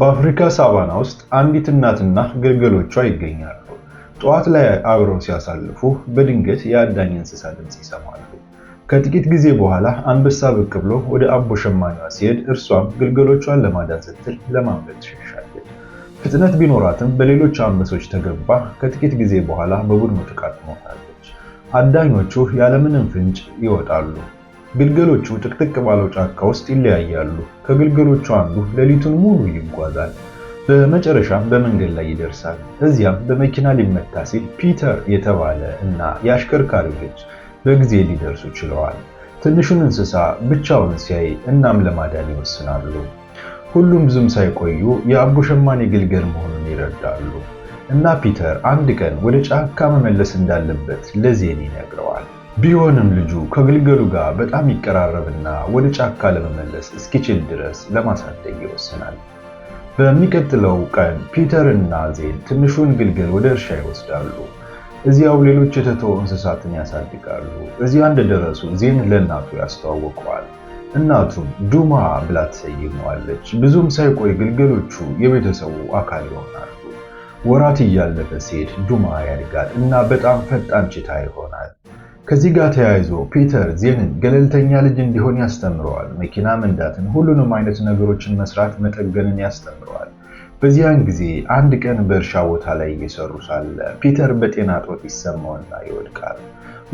በአፍሪካ ሳቫና ውስጥ አንዲት እናትና ግልገሎቿ ይገኛሉ። ጠዋት ላይ አብረው ሲያሳልፉ በድንገት የአዳኝ እንስሳ ድምፅ ይሰማሉ። ከጥቂት ጊዜ በኋላ አንበሳ ብቅ ብሎ ወደ አቦ ሸማኔዋ ሲሄድ እርሷም ግልገሎቿን ለማዳን ስትል ለማምለጥ ትሸሻለች። ፍጥነት ቢኖራትም በሌሎች አንበሶች ተገባ። ከጥቂት ጊዜ በኋላ በቡድኑ ጥቃት ትሞታለች። አዳኞቹ ያለምንም ፍንጭ ይወጣሉ። ግልገሎቹ ጥቅጥቅ ባለው ጫካ ውስጥ ይለያያሉ። ከግልገሎቹ አንዱ ሌሊቱን ሙሉ ይጓዛል። በመጨረሻም በመንገድ ላይ ይደርሳል። እዚያም በመኪና ሊመታ ሲል ፒተር የተባለ እና የአሽከርካሪው ልጅ በጊዜ ሊደርሱ ችለዋል። ትንሹን እንስሳ ብቻውን ሲያይ እናም ለማዳን ይወስናሉ። ሁሉም ዝም ሳይቆዩ የአቦ ሸማኔ ግልገል መሆኑን ይረዳሉ እና ፒተር አንድ ቀን ወደ ጫካ መመለስ እንዳለበት ለዜን ይነግረዋል። ቢሆንም ልጁ ከግልገሉ ጋር በጣም ይቀራረብና ወደ ጫካ ለመመለስ እስኪችል ድረስ ለማሳደግ ይወስናል። በሚቀጥለው ቀን ፒተር እና ዜን ትንሹን ግልገል ወደ እርሻ ይወስዳሉ። እዚያው ሌሎች የተተው እንስሳትን ያሳድጋሉ። እዚያ እንደደረሱ ዜን ለእናቱ ያስተዋውቀዋል። እናቱም ዱማ ብላ ትሰይመዋለች። ብዙም ሳይቆይ ግልገሎቹ የቤተሰቡ አካል ይሆናሉ። ወራት እያለፈ ሲሄድ ዱማ ያድጋል እና በጣም ፈጣን ችታ ይሆናል። ከዚህ ጋር ተያይዞ ፒተር ዜንን ገለልተኛ ልጅ እንዲሆን ያስተምረዋል። መኪና መንዳትን፣ ሁሉንም አይነት ነገሮችን መስራት፣ መጠገንን ያስተምረዋል። በዚያን ጊዜ አንድ ቀን በእርሻ ቦታ ላይ እየሰሩ ሳለ ፒተር በጤና ጦት ይሰማውና ይወድቃል።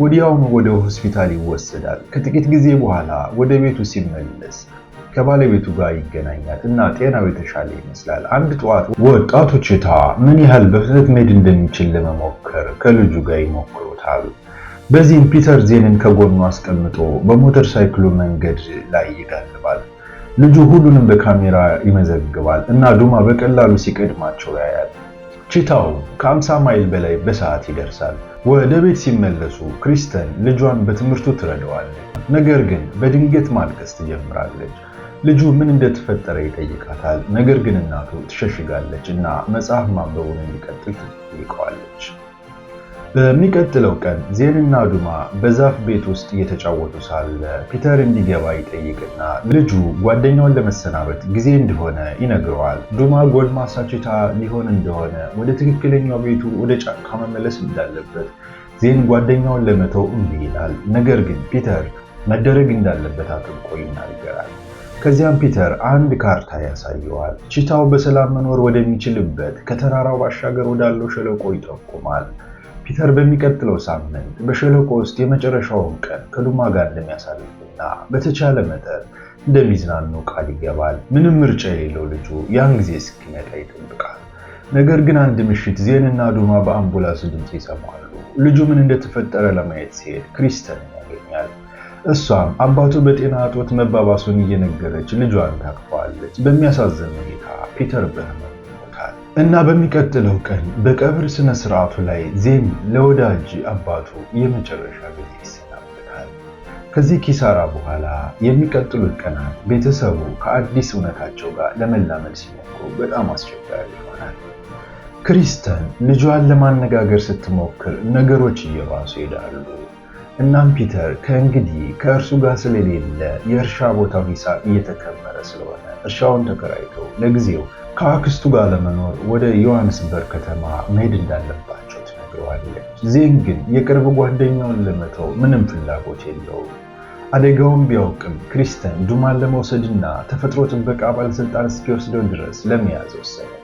ወዲያውኑ ወደ ሆስፒታል ይወሰዳል። ከጥቂት ጊዜ በኋላ ወደ ቤቱ ሲመለስ ከባለቤቱ ጋር ይገናኛል እና ጤናው የተሻለ ይመስላል። አንድ ጠዋት ወጣቱ ቺታ ምን ያህል በፍጥነት መሄድ እንደሚችል ለመሞከር ከልጁ ጋር ይሞክሩታል። በዚህም ፒተር ዜንን ከጎኑ አስቀምጦ በሞተር ሳይክሉ መንገድ ላይ ይጋልባል። ልጁ ሁሉንም በካሜራ ይመዘግባል እና ዱማ በቀላሉ ሲቀድማቸው ያያል። ቺታው ከ50 ማይል በላይ በሰዓት ይደርሳል። ወደ ቤት ሲመለሱ ክሪስተን ልጇን በትምህርቱ ትረዳዋለች። ነገር ግን በድንገት ማልቀስ ትጀምራለች። ልጁ ምን እንደተፈጠረ ይጠይቃታል። ነገር ግን እናቱ ትሸሽጋለች እና መጽሐፍ ማንበቡን እንዲቀጥል ትጠይቀዋለች። በሚቀጥለው ቀን ዜንና ዱማ በዛፍ ቤት ውስጥ እየተጫወቱ ሳለ ፒተር እንዲገባ ይጠይቅና ልጁ ጓደኛውን ለመሰናበት ጊዜ እንደሆነ ይነግረዋል። ዱማ ጎልማሳ ችታ ሊሆን እንደሆነ ወደ ትክክለኛው ቤቱ ወደ ጫካ መመለስ እንዳለበት ዜን ጓደኛውን ለመተው እምቢ ይላል። ነገር ግን ፒተር መደረግ እንዳለበት አጥብቆ ይናገራል። ከዚያም ፒተር አንድ ካርታ ያሳየዋል። ቺታው በሰላም መኖር ወደሚችልበት ከተራራው ባሻገር ወዳለው ሸለቆ ይጠቁማል። ፒተር በሚቀጥለው ሳምንት በሸለቆ ውስጥ የመጨረሻውን ቀን ከዱማ ጋር እንደሚያሳልፍና በተቻለ መጠን እንደሚዝናኑ ቃል ይገባል። ምንም ምርጫ የሌለው ልጁ ያን ጊዜ እስኪመጣ ይጠብቃል። ነገር ግን አንድ ምሽት ዜንና ዱማ በአምቡላንስ ድምፅ ይሰማሉ። ልጁ ምን እንደተፈጠረ ለማየት ሲሄድ ክሪስተን ያገኛል። እሷም አባቱ በጤና እጦት መባባሱን እየነገረች ልጇን ታቅፈዋለች። በሚያሳዝን ሁኔታ ፒተር በህመም እና በሚቀጥለው ቀን በቀብር ስነ ስርዓቱ ላይ ዜም ለወዳጅ አባቱ የመጨረሻ ጊዜ ይሰናበታል። ከዚህ ኪሳራ በኋላ የሚቀጥሉት ቀናት ቤተሰቡ ከአዲስ እውነታቸው ጋር ለመላመድ ሲሞክሩ በጣም አስቸጋሪ ይሆናል። ክሪስተን ልጇን ለማነጋገር ስትሞክር ነገሮች እየባሱ ይሄዳሉ። እናም ፒተር ከእንግዲህ ከእርሱ ጋር ስለሌለ የእርሻ ቦታው ይስሐቅ እየተከመረ ስለሆነ እርሻውን ተከራይቶ ለጊዜው ከአክስቱ ጋር ለመኖር ወደ ዮሐንስበርግ ከተማ መሄድ እንዳለባቸው ትነግረዋለች። ዜን ግን የቅርብ ጓደኛውን ለመተው ምንም ፍላጎት የለውም። አደጋውን ቢያውቅም ክሪስተን ዱማን ለመውሰድና ተፈጥሮ ጥበቃ ባለሥልጣን እስኪወስደው ድረስ ለመያዝ ወሰነ።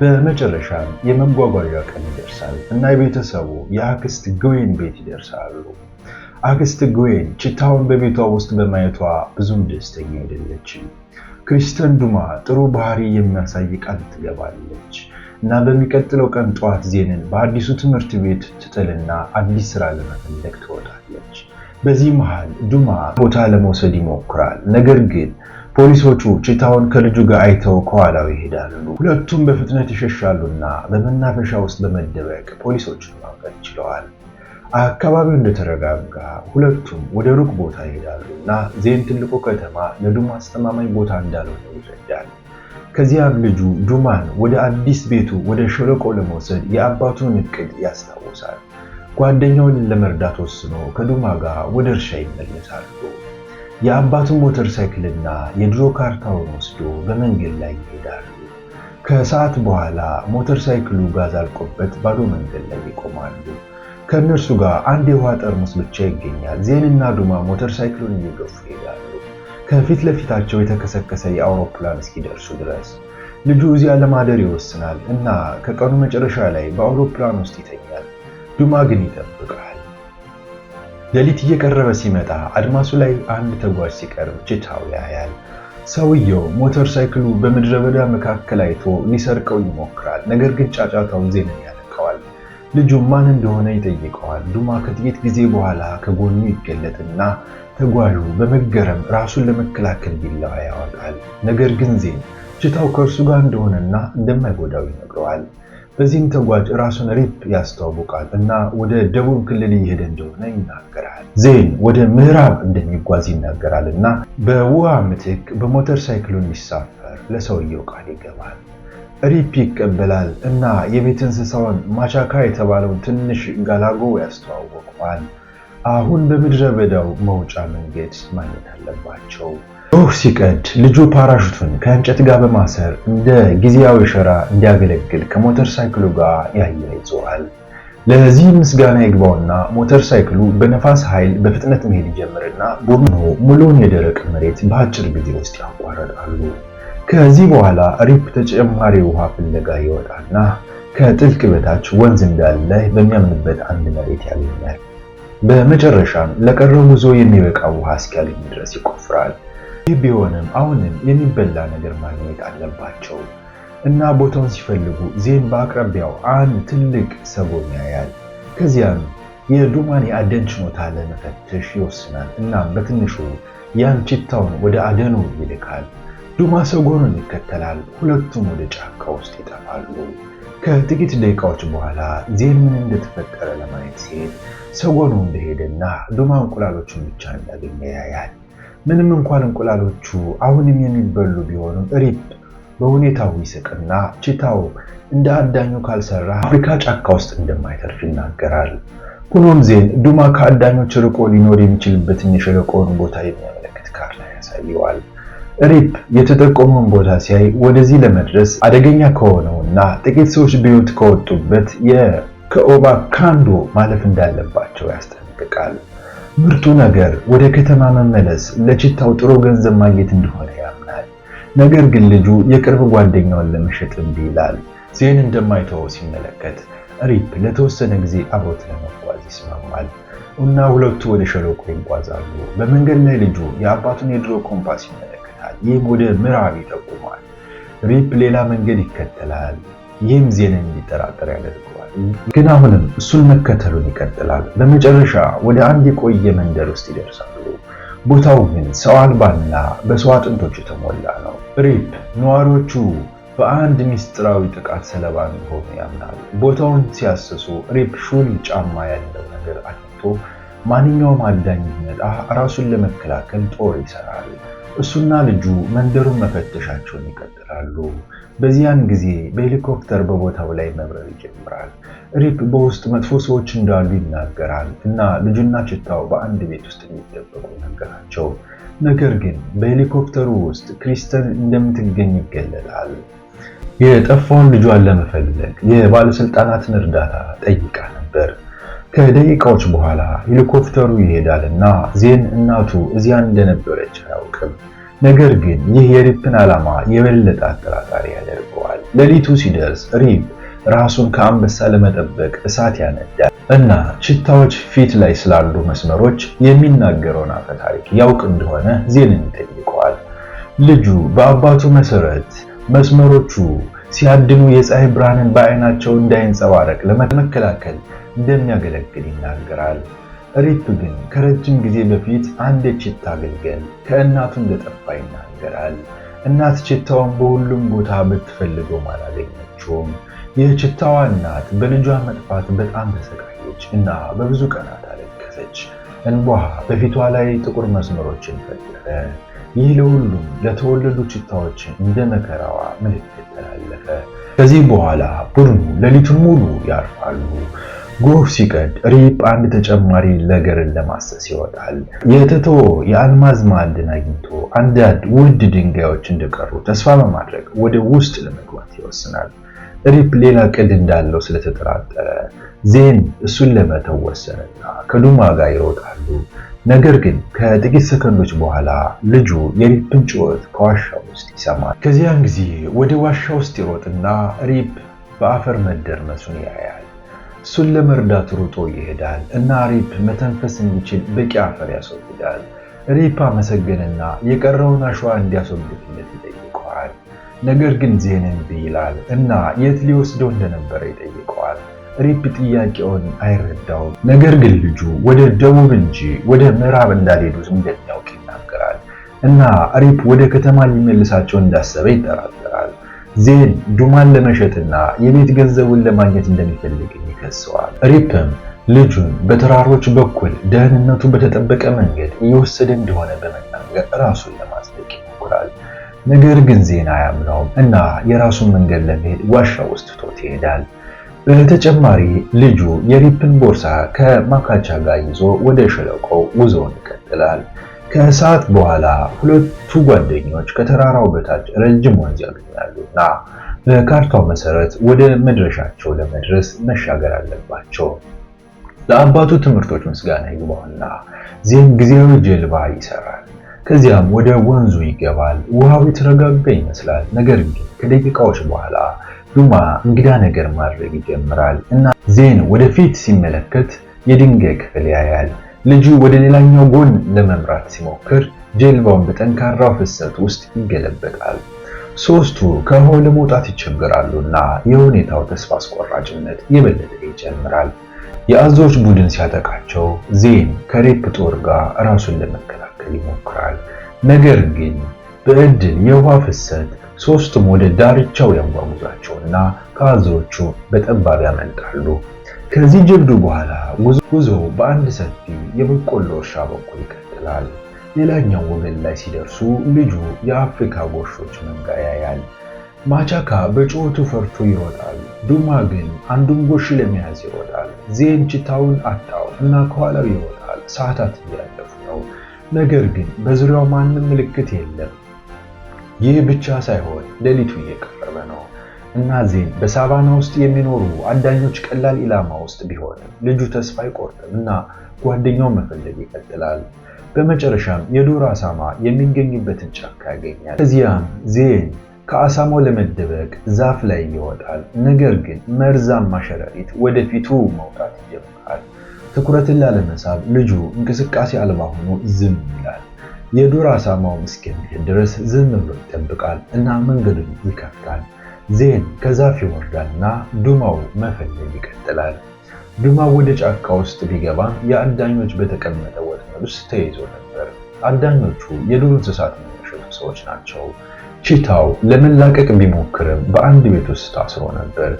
በመጨረሻም የመጓጓዣ ቀን ይደርሳል እና የቤተሰቡ የአክስት ግዌን ቤት ይደርሳሉ። አክስት ግዌን ችታውን በቤቷ ውስጥ በማየቷ ብዙም ደስተኛ አይደለችም። ክሪስተን ዱማ ጥሩ ባህሪ የሚያሳይ ቃል ትገባለች እና በሚቀጥለው ቀን ጠዋት ዜንን በአዲሱ ትምህርት ቤት ትጥልና አዲስ ስራ ለመፈለግ ትወጣለች። በዚህ መሃል ዱማ ቦታ ለመውሰድ ይሞክራል፣ ነገር ግን ፖሊሶቹ ጭታውን ከልጁ ጋር አይተው ከኋላው ይሄዳሉ። ሁለቱም በፍጥነት ይሸሻሉና በመናፈሻ ውስጥ በመደበቅ ፖሊሶችን ማምለጥ ችለዋል። አካባቢው እንደተረጋጋ ሁለቱም ወደ ሩቅ ቦታ ይሄዳሉና ዜን ትልቁ ከተማ ለዱማ አስተማማኝ ቦታ እንዳልሆነ ይረዳል። ከዚያም ልጁ ዱማን ወደ አዲስ ቤቱ ወደ ሸለቆ ለመውሰድ የአባቱን እቅድ ያስታውሳል። ጓደኛውን ለመርዳት ወስኖ ከዱማ ጋር ወደ እርሻ ይመለሳሉ። የአባቱን ሞተር ሳይክልና የድሮ ካርታውን ወስዶ በመንገድ ላይ ይሄዳሉ። ከሰዓት በኋላ ሞተር ሳይክሉ ጋዝ አልቆበት ባዶ መንገድ ላይ ይቆማሉ። ከእነርሱ ጋር አንድ የውሃ ጠርሙስ ብቻ ይገኛል። ዜንና ዱማ ሞተር ሳይክሉን እየገፉ ይሄዳሉ፣ ከፊት ለፊታቸው የተከሰከሰ የአውሮፕላን እስኪደርሱ ድረስ። ልጁ እዚያ ለማደር ይወስናል እና ከቀኑ መጨረሻ ላይ በአውሮፕላን ውስጥ ይተኛል። ዱማ ግን ይጠብቃል። ሌሊት እየቀረበ ሲመጣ አድማሱ ላይ አንድ ተጓዥ ሲቀርብ ችታው ያያል። ሰውየው ሞተር ሳይክሉ በምድረ በዳ መካከል አይቶ ሊሰርቀው ይሞክራል። ነገር ግን ጫጫታው ዜና ያነቀዋል። ልጁ ማን እንደሆነ ይጠይቀዋል። ዱማ ከጥቂት ጊዜ በኋላ ከጎኑ ይገለጥና ተጓዡ በመገረም ራሱን ለመከላከል ቢላዋ ያወጣል። ነገር ግን ዜን ችታው ከእርሱ ጋር እንደሆነና እንደማይጎዳው ይነግረዋል። በዚህም ተጓዥ ራሱን ሪፕ ያስተዋውቃል እና ወደ ደቡብ ክልል እየሄደ እንደሆነ ይናገራል። ዜን ወደ ምዕራብ እንደሚጓዝ ይናገራል እና በውሃ ምትክ በሞተር ሳይክሉ እንዲሳፈር ለሰውየው ቃል ይገባል። ሪፕ ይቀበላል እና የቤት እንስሳውን ማቻካ የተባለውን ትንሽ ጋላጎ ያስተዋውቀዋል። አሁን በምድረ በዳው መውጫ መንገድ ማግኘት አለባቸው። ኦህ ሲቀድ ልጁ ፓራሹቱን ከእንጨት ጋር በማሰር እንደ ጊዜያዊ ሸራ እንዲያገለግል ከሞተር ሳይክሉ ጋር ያያይዘዋል። ለዚህ ምስጋና ይግባውና ሞተር ሳይክሉ በነፋስ ኃይል በፍጥነት መሄድ ይጀምርና ቦኖ ሙሉውን የደረቅ መሬት በአጭር ጊዜ ውስጥ ያቋርጣሉ። ከዚህ በኋላ ሪፕ ተጨማሪ ውሃ ፍለጋ ይወጣና ከጥልቅ በታች ወንዝ እንዳለ በሚያምንበት አንድ መሬት ያገኛል። በመጨረሻም ለቀረው ጉዞ የሚበቃ ውሃ እስኪያገኝ ድረስ ይቆፍራል። ይህ ቢሆንም አሁንም የሚበላ ነገር ማግኘት አለባቸው እና ቦታውን ሲፈልጉ ዜን በአቅራቢያው አንድ ትልቅ ሰጎን ያያል። ከዚያም የዱማን የአደን ችሎታ ለመፈተሽ ይወስናል እና በትንሹ ያን ቺታውን ወደ አደኑ ይልካል። ዱማ ሰጎኑን ይከተላል። ሁለቱም ወደ ጫካ ውስጥ ይጠፋሉ። ከጥቂት ደቂቃዎች በኋላ ዜን ምን እንደተፈጠረ ለማየት ሲሄድ ሰጎኑ እንደሄደና ዶማ እንቁላሎቹን ብቻ እንዳገኘ ያያል። ምንም እንኳን እንቁላሎቹ አሁንም የሚበሉ ቢሆኑም ሪፕ በሁኔታው ይስቅና ችታው እንደ አዳኙ ካልሰራ አፍሪካ ጫካ ውስጥ እንደማይተርፍ ይናገራል። ሆኖም ዜን ዱማ ከአዳኞች ርቆ ሊኖር የሚችልበትን የሸለቆውን ቦታ የሚያመለክት ካርታ ያሳየዋል። ሪፕ የተጠቆመውን ቦታ ሲያይ ወደዚህ ለመድረስ አደገኛ ከሆነ እና ጥቂት ሰዎች በሕይወት ከወጡበት ከኦባ ካንዶ ማለፍ እንዳለባቸው ያስጠነቅቃል። ምርጡ ነገር ወደ ከተማ መመለስ ለችታው ጥሩ ገንዘብ ማግኘት እንደሆነ ያምናል። ነገር ግን ልጁ የቅርብ ጓደኛውን ለመሸጥ እምቢ ይላል። ዜን እንደማይተወው ሲመለከት ሪፕ ለተወሰነ ጊዜ አብሮት ለመጓዝ ይስማማል እና ሁለቱ ወደ ሸለቆ ይጓዛሉ። በመንገድ ላይ ልጁ የአባቱን የድሮ ኮምፓስ ይመለከታል። ይህም ወደ ምዕራብ ይጠቁማል። ሪፕ ሌላ መንገድ ይከተላል። ይህም ዜና እንዲጠራጠር ያደርገዋል። ግን አሁንም እሱን መከተሉን ይቀጥላል። በመጨረሻ ወደ አንድ የቆየ መንደር ውስጥ ይደርሳሉ። ቦታው ግን ሰው አልባና በሰው አጥንቶች የተሞላ ነው። ሪፕ ነዋሪዎቹ በአንድ ምስጢራዊ ጥቃት ሰለባ እንደሆኑ ያምናሉ። ቦታውን ሲያስሱ ሪፕ ሹል ጫማ ያለው ነገር አግኝቶ ማንኛውም አዳኝ ቢመጣ ራሱን ለመከላከል ጦር ይሰራል። እሱና ልጁ መንደሩን መፈተሻቸውን ይቀጥላሉ። በዚያን ጊዜ በሄሊኮፕተር በቦታው ላይ መብረር ይጀምራል። ሪፕ በውስጥ መጥፎ ሰዎች እንዳሉ ይናገራል እና ልጁና ችታው በአንድ ቤት ውስጥ እንዲደበቁ ነገራቸው። ነገር ግን በሄሊኮፕተሩ ውስጥ ክሪስተን እንደምትገኝ ይገለጣል። የጠፋውን ልጇን ለመፈለግ የባለሥልጣናትን እርዳታ ጠይቃ ነበር። ከደቂቃዎች በኋላ ሄሊኮፕተሩ ይሄዳልና ዜን እናቱ እዚያ እንደነበረች አያውቅም። ነገር ግን ይህ የሪፕን ዓላማ የበለጠ አጠራጣሪ ያደርገዋል። ሌሊቱ ሲደርስ ሪፕ ራሱን ከአንበሳ ለመጠበቅ እሳት ያነዳል እና ሽታዎች ፊት ላይ ስላሉ መስመሮች የሚናገረውን አፈታሪክ ያውቅ እንደሆነ ዜንን ይጠይቀዋል። ልጁ በአባቱ መሰረት መስመሮቹ ሲያድኑ የፀሐይ ብርሃንን በአይናቸው እንዳይንጸባረቅ ለመከላከል እንደሚያገለግል ይናገራል። ሪቱ ግን ከረጅም ጊዜ በፊት አንድ የቺታ ግልገል ከእናቱ እንደጠፋ ይናገራል። እናት ቺታውን በሁሉም ቦታ ብትፈልገውም አላገኘችውም። የቺታዋ እናት በልጇ መጥፋት በጣም ተሰቃየች እና በብዙ ቀናት አለቀሰች። እንቧ በፊቷ ላይ ጥቁር መስመሮችን ፈጠረ። ይህ ለሁሉም ለተወለዱ ቺታዎች እንደ መከራዋ ምልክት ተላለፈ። ከዚህ በኋላ ቡድኑ ሌሊቱን ሙሉ ያርፋሉ። ጎህ ሲቀድ ሪፕ አንድ ተጨማሪ ለገርን ለማሰስ ይወጣል። የተቶ የአልማዝ ማዕድን አግኝቶ አንዳንድ ውድ ድንጋዮች እንደቀሩ ተስፋ በማድረግ ወደ ውስጥ ለመግባት ይወስናል። ሪፕ ሌላ ቅድ እንዳለው ስለተጠራጠረ ዜን እሱን ለመተው ወሰነና ከዱማ ጋር ይሮጣሉ። ነገር ግን ከጥቂት ሰከንዶች በኋላ ልጁ የሪፕን ጩኸት ከዋሻ ውስጥ ይሰማል። ከዚያን ጊዜ ወደ ዋሻ ውስጥ ይሮጥና ሪፕ በአፈር መደርመሱን ያያል። እሱን ለመርዳት ሩጦ ይሄዳል እና ሪፕ መተንፈስ እንዲችል በቂ አፈር ያስወግዳል። ሪፕ አመሰገንና የቀረውን አሸዋ እንዲያስወግድለት ይጠይቀዋል። ነገር ግን ዜን እምቢ ይላል እና የት ሊወስደው እንደነበረ ይጠይቀዋል። ሪፕ ጥያቄውን አይረዳውም። ነገር ግን ልጁ ወደ ደቡብ እንጂ ወደ ምዕራብ እንዳልሄዱ እንደሚያውቅ ይናገራል እና ሪፕ ወደ ከተማ ሊመልሳቸው እንዳሰበ ይጠራጠራል። ዜን ዱማን ለመሸጥና የቤት ገንዘቡን ለማግኘት እንደሚፈልግ ይከሰዋል። ሪፕም ልጁን በተራሮች በኩል ደህንነቱ በተጠበቀ መንገድ እየወሰደ እንደሆነ በመናገር ራሱን ለማጽደቅ ይሞክራል። ነገር ግን ዜና አያምነውም እና የራሱን መንገድ ለመሄድ ዋሻ ውስጥ ትቶት ይሄዳል። በተጨማሪ ልጁ የሪፕን ቦርሳ ከማካቻ ጋር ይዞ ወደ ሸለቆው ጉዞውን ይቀጥላል። ከሰዓት በኋላ ሁለቱ ጓደኞች ከተራራው በታች ረጅም ወንዝ ያገኛሉና በካርታው መሰረት ወደ መድረሻቸው ለመድረስ መሻገር አለባቸው። ለአባቱ ትምህርቶች ምስጋና ይግባውና ዚህም ጊዜያዊ ጀልባ ይሰራል። ከዚያም ወደ ወንዙ ይገባል። ውሃው የተረጋጋ ይመስላል። ነገር ግን ከደቂቃዎች በኋላ ዱማ እንግዳ ነገር ማድረግ ይጀምራል እና ዜን ወደፊት ሲመለከት የድንጋይ ክፍል ያያል። ልጁ ወደ ሌላኛው ጎን ለመምራት ሲሞክር ጀልባውን በጠንካራው ፍሰት ውስጥ ይገለበጣል። ሶስቱ ከውሃው ለመውጣት ይቸገራሉና የሁኔታው ተስፋ አስቆራጭነት የበለጠ ይጨምራል። የአዞዎች ቡድን ሲያጠቃቸው ዜን ከሬፕ ጦር ጋር ራሱን ለመከላከል ይሞክራል። ነገር ግን በእድል የውሃ ፍሰት ሶስቱም ወደ ዳርቻው ያጓጉዛቸውና ከአዞዎቹ በጠባብ ያመልጣሉ። ከዚህ ጀብዱ በኋላ ጉዞ በአንድ ሰፊ የበቆሎ እርሻ በኩል ይቀጥላል። ሌላኛው ወገን ላይ ሲደርሱ ልጁ የአፍሪካ ጎሾች መንጋ ያያል። ማቻካ በጩኸቱ ፈርቶ ይሮጣል። ዱማ ግን አንዱን ጎሽ ለመያዝ ይሮጣል። ዜን ችታውን አጣው እና ከኋላው ይሮጣል። ሰዓታት እያለፉ ነው፣ ነገር ግን በዙሪያው ማንም ምልክት የለም። ይህ ብቻ ሳይሆን ሌሊቱ እየቀረበ ነው እና ዜን በሳቫና ውስጥ የሚኖሩ አዳኞች ቀላል ኢላማ ውስጥ ቢሆንም ልጁ ተስፋ አይቆርጥም እና ጓደኛውን መፈለግ ይቀጥላል። በመጨረሻም የዱር አሳማ የሚገኝበትን ጫካ ያገኛል። እዚያም ዜን ከአሳማው ለመደበቅ ዛፍ ላይ ይወጣል። ነገር ግን መርዛማ ሸረሪት ወደፊቱ መውጣት ይጀምራል። ትኩረትን ላለመሳብ ልጁ እንቅስቃሴ አልባ ሆኖ ዝም ይላል። የዱር አሳማው እስከሚሄድ ድረስ ዝም ብሎ ይጠብቃል እና መንገዱን ይከፍታል። ዜን ከዛፍ እና ዱማው መፈለግ ይቀጥላል። ዱማው ወደ ጫካ ውስጥ ቢገባ የአዳኞች በተቀመጠው መካከል ውስጥ ተይዞ ነበር። አዳኞቹ የዱር እንስሳት የሚሸጡ ሰዎች ናቸው። ቺታው ለመላቀቅ ቢሞክርም በአንድ ቤት ውስጥ ታስሮ ነበር።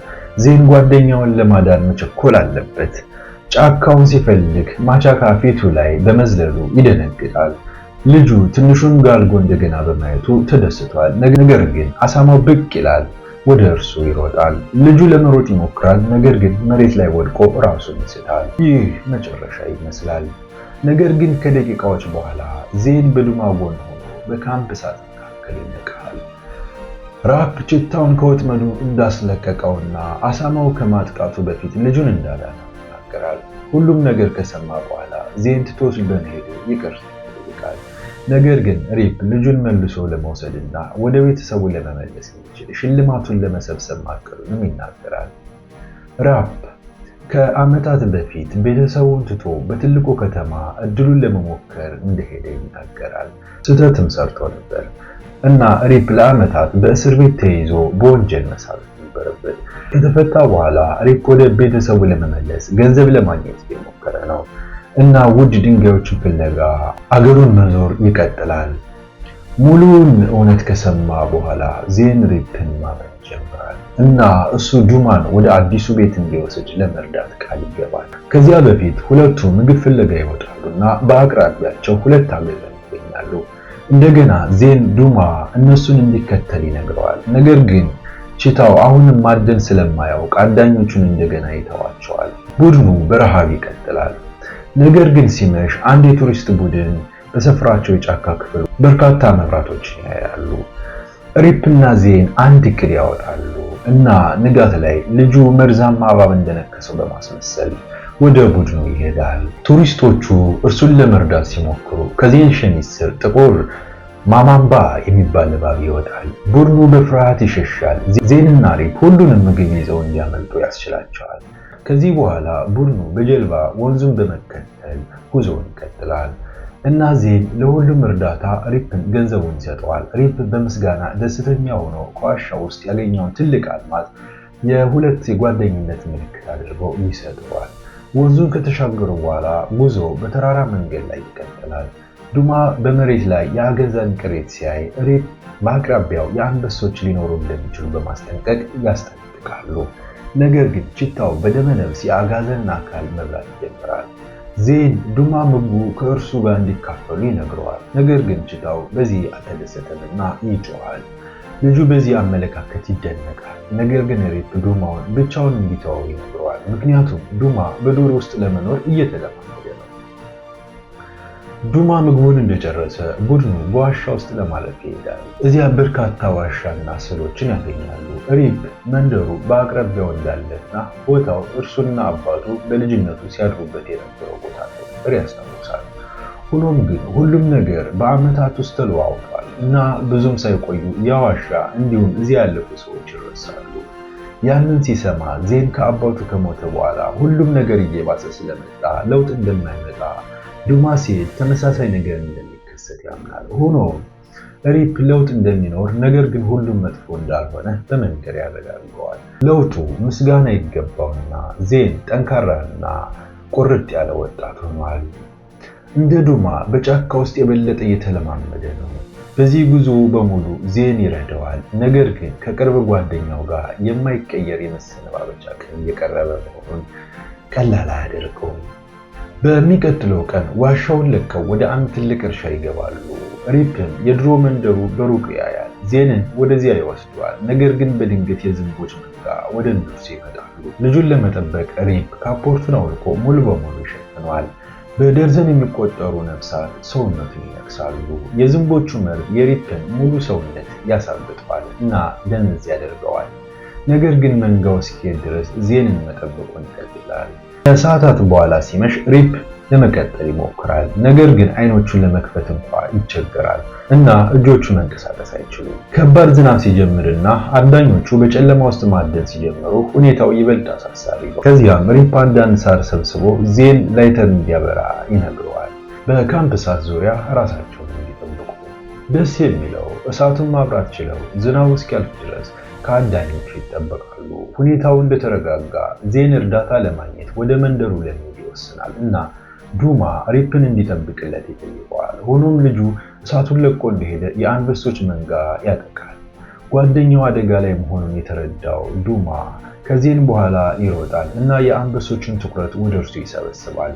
ዜን ጓደኛውን ለማዳን መቸኮል አለበት። ጫካውን ሲፈልግ ማቻካ ፊቱ ላይ በመዝለሉ ይደነግጣል። ልጁ ትንሹን ጋልጎ እንደገና በማየቱ ተደስቷል። ነገር ግን አሳማው ብቅ ይላል። ወደ እርሱ ይሮጣል። ልጁ ለመሮጥ ይሞክራል፣ ነገር ግን መሬት ላይ ወድቆ ራሱን ይስታል። ይህ መጨረሻ ይመስላል። ነገር ግን ከደቂቃዎች በኋላ ዜን በሉማ ጎን ሆኖ በካምፕ እሳት መካከል ይነቃል። ራፕ ችታውን ከወጥመዱ እንዳስለቀቀውና አሳማው ከማጥቃቱ በፊት ልጁን እንዳዳነው ይናገራል። ሁሉም ነገር ከሰማ በኋላ ዜን ትቶስ በመሄድ ይቅር ነገር ግን ሪፕ ልጁን መልሶ ለመውሰድና ወደ ቤተሰቡ ለመመለስ የሚችል ሽልማቱን ለመሰብሰብ ማቀዱንም ይናገራል። ራፕ ከዓመታት በፊት ቤተሰቡን ትቶ በትልቁ ከተማ እድሉን ለመሞከር እንደሄደ ይናገራል። ስህተትም ሰርቶ ነበር እና ሪፕ ለዓመታት በእስር ቤት ተይዞ በወንጀል መሳበት ነበረበት። ከተፈታ በኋላ ሪፕ ወደ ቤተሰቡ ለመመለስ ገንዘብ ለማግኘት የሞከረ ነው። እና ውድ ድንጋዮችን ፍለጋ አገሩን መዞር ይቀጥላል። ሙሉውን እውነት ከሰማ በኋላ ዜን ሪፕን ማመን ይጀምራል እና እሱ ዱማን ወደ አዲሱ ቤት እንዲወስድ ለመርዳት ቃል ይገባል። ከዚያ በፊት ሁለቱ ምግብ ፍለጋ ይወጣሉ እና በአቅራቢያቸው ሁለት አገዘን ይገኛሉ። እንደገና ዜን ዱማ እነሱን እንዲከተል ይነግረዋል። ነገር ግን ቺታው አሁንም ማደን ስለማያውቅ አዳኞቹን እንደገና ይተዋቸዋል። ቡድኑ በረሃብ ይቀጥላል። ነገር ግን ሲመሽ አንድ የቱሪስት ቡድን በሰፈራቸው የጫካ ክፍል በርካታ መብራቶችን ያያሉ። ሪፕና ዜን አንድ እቅድ ያወጣሉ እና ንጋት ላይ ልጁ መርዛማ እባብ እንደነከሰው በማስመሰል ወደ ቡድኑ ይሄዳል። ቱሪስቶቹ እርሱን ለመርዳት ሲሞክሩ ከዜን ሸሚዝ ስር ጥቁር ማማምባ የሚባል እባብ ይወጣል። ቡድኑ በፍርሃት ይሸሻል። ዜንና ሪፕ ሁሉንም ምግብ ይዘው እንዲያመልጡ ያስችላቸዋል። ከዚህ በኋላ ቡድኑ በጀልባ ወንዙን በመከተል ጉዞውን ይቀጥላል እና ዜን ለሁሉም እርዳታ ሪፕን ገንዘቡን ይሰጠዋል። ሪፕ በምስጋና ደስተኛ ሆኖ ከዋሻ ውስጥ ያገኘውን ትልቅ አልማዝ የሁለት የጓደኝነት ምልክት አድርገው ይሰጠዋል። ወንዙን ከተሻገሩ በኋላ ጉዞ በተራራ መንገድ ላይ ይቀጥላል። ዱማ በመሬት ላይ የአገዛን ቅሬት ሲያይ ሪፕ በአቅራቢያው የአንበሶች ሊኖሩ እንደሚችሉ በማስጠንቀቅ ያስጠነቅቃሉ። ነገር ግን ችታው በደመ ነፍስ የአጋዘንን አካል መብላት ይጀምራል። ዜን ዱማ ምግቡ ከእርሱ ጋር እንዲካፈሉ ይነግረዋል። ነገር ግን ችታው በዚህ አልተደሰተምና ይጮኋል። ልጁ በዚህ አመለካከት ይደነቃል። ነገር ግን ሬፕ ዱማውን ብቻውን እንዲተወው ይነግረዋል። ምክንያቱም ዱማ በዱር ውስጥ ለመኖር እየተለማመደ ዱማ ምግቡን እንደጨረሰ ቡድኑ በዋሻ ውስጥ ለማለፍ ይሄዳል። እዚያ በርካታ ዋሻና ስዕሎችን ያገኛሉ። ሪፕ መንደሩ በአቅራቢያው እንዳለና ቦታው እርሱና አባቱ በልጅነቱ ሲያድሩበት የነበረው ቦታ ነበር ያስታውሳል። ሆኖም ግን ሁሉም ነገር በዓመታት ውስጥ ተለዋውጧል እና ብዙም ሳይቆዩ ያ ዋሻ እንዲሁም እዚያ ያለፉ ሰዎች ይረሳሉ። ያንን ሲሰማ ዜን ከአባቱ ከሞተ በኋላ ሁሉም ነገር እየባሰ ስለመጣ ለውጥ እንደማይመጣ ዱማሴ ተመሳሳይ ነገር እንደሚከሰት ያምናል። ሆኖ ሪፕ ለውጥ እንደሚኖር ነገር ግን ሁሉም መጥፎ እንዳልሆነ በመንገር ያረጋግጠዋል። ለውጡ ምስጋና ይገባውና ዜን ጠንካራና ቁርጥ ያለ ወጣት ሆኗል። እንደ ዱማ በጫካ ውስጥ የበለጠ እየተለማመደ ነው። በዚህ ጉዞ በሙሉ ዜን ይረዳዋል። ነገር ግን ከቅርብ ጓደኛው ጋር የማይቀየር የመሰነባበቻ ቀን እየቀረበ መሆኑን ቀላል አያደርገውም። በሚቀጥለው ቀን ዋሻውን ለቀው ወደ አንድ ትልቅ እርሻ ይገባሉ። ሪፕን የድሮ መንደሩ በሩቅ ያያል። ዜንን ወደዚያ ይወስዷል። ነገር ግን በድንገት የዝንቦች መንጋ ወደ እነርሱ ይመጣሉ። ልጁን ለመጠበቅ ሪፕ ካፖርቱን አውልቆ ሙሉ በሙሉ ይሸፍኗል። በደርዘን የሚቆጠሩ ነፍሳት ሰውነቱን ይነክሳሉ። የዝንቦቹ መርዝ የሪፕን ሙሉ ሰውነት ያሳብጠዋል እና ደንዝ ያደርገዋል። ነገር ግን መንጋው እስኪሄድ ድረስ ዜንን መጠበቁን ይቀጥላል። ከሰዓታት በኋላ ሲመሽ ሪፕ ለመቀጠል ይሞክራል። ነገር ግን አይኖቹን ለመክፈት እንኳ ይቸገራል እና እጆቹ መንቀሳቀስ አይችሉም። ከባድ ዝናብ ሲጀምርና አዳኞቹ በጨለማ ውስጥ ማደን ሲጀምሩ ሁኔታው ይበልጥ አሳሳቢ ነው። ከዚያም ሪፕ አንዳንድ ሳር ሰብስቦ ዜን ላይተር እንዲያበራ ይነግረዋል። በካምፕ እሳት ዙሪያ ራሳቸው ደስ የሚለው እሳቱን ማብራት ችለው ዝናቡ እስኪያልፍ ድረስ ከአዳኞቹ ይጠበቃሉ። ሁኔታው እንደተረጋጋ ዜን እርዳታ ለማግኘት ወደ መንደሩ ለመሄድ ይወስናል እና ዱማ ሪፕን እንዲጠብቅለት ይጠይቀዋል። ሆኖም ልጁ እሳቱን ለቆ እንደሄደ የአንበሶች መንጋ ያጠቃል። ጓደኛው አደጋ ላይ መሆኑን የተረዳው ዱማ ከዜን በኋላ ይሮጣል እና የአንበሶችን ትኩረት ወደ እርሱ ይሰበስባል።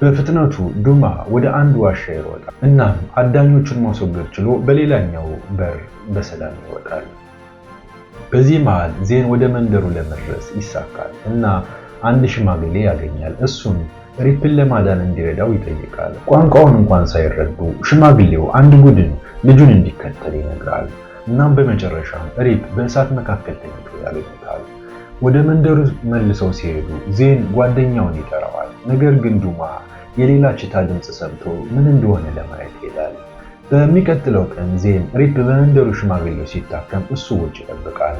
በፍጥነቱ ዱማ ወደ አንድ ዋሻ ይሮጣል። እናም አዳኞቹን ማስወገድ ችሎ በሌላኛው በር በሰላም ይወጣል። በዚህ መሃል ዜን ወደ መንደሩ ለመድረስ ይሳካል እና አንድ ሽማግሌ ያገኛል። እሱም ሪፕን ለማዳን እንዲረዳው ይጠይቃል። ቋንቋውን እንኳን ሳይረዱ ሽማግሌው አንድ ቡድን ልጁን እንዲከተል ይነግራል። እናም በመጨረሻም ሪፕ በእሳት መካከል ተኝቶ ያገኙታል። ወደ መንደሩ መልሰው ሲሄዱ ዜን ጓደኛውን ይጠራዋል። ነገር ግን ዱማ የሌላ ችታ ድምፅ ሰምቶ ምን እንደሆነ ለማየት ይሄዳል። በሚቀጥለው ቀን ዜን ሪፕ በመንደሩ ሽማግሌው ሲታከም እሱ ውጭ ይጠብቃል።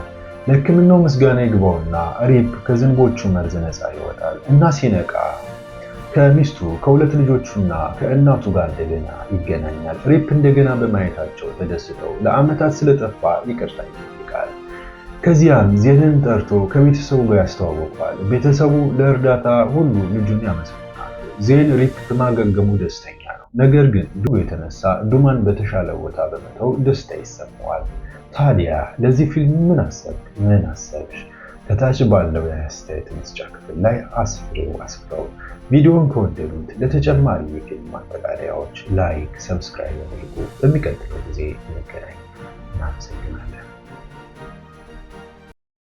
ለሕክምናው ምስጋና ይግባውና ሪፕ ከዝንቦቹ መርዝ ነፃ ይወጣል እና ሲነቃ ከሚስቱ ከሁለት ልጆቹና ከእናቱ ጋር እንደገና ይገናኛል። ሪፕ እንደገና በማየታቸው ተደስተው ለዓመታት ስለጠፋ ይቅርታ ከዚያም ዜድን ጠርቶ ከቤተሰቡ ጋር ያስተዋወቀዋል። ቤተሰቡ ለእርዳታ ሁሉ ልጁን ያመሰግናሉ። ዜን ሪክ በማገገሙ ደስተኛ ነው። ነገር ግን ዱ የተነሳ ዱማን በተሻለ ቦታ በመተው ደስታ ይሰማዋል። ታዲያ ለዚህ ፊልም ምን አሰብ ምን አሰብሽ? ከታች ባለው የአስተያየት መስጫ ክፍል ላይ አስፍሬው አስፍረው። ቪዲዮውን ከወደዱት ለተጨማሪ የፊልም ማጠቃለያዎች ላይክ፣ ሰብስክራይብ አድርጉ በሚቀጥለው ጊዜ እንገናኝ። እናመሰግናለን።